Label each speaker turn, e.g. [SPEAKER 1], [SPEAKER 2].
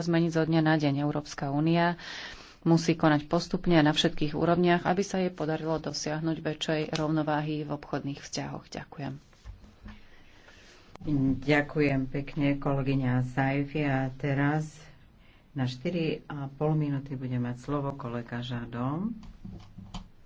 [SPEAKER 1] zmeniť zo dňa na deň. Európska únia musí konať postupne na všetkých úrovniach, aby sa jej podarilo dosiahnuť väčšej rovnováhy v obchodných vzťahoch. Ďakujem.
[SPEAKER 2] Ďakujem pekne, kolegyňa Sajfi. A teraz na 4,5 minúty bude mať
[SPEAKER 3] slovo kolega
[SPEAKER 2] Žadom.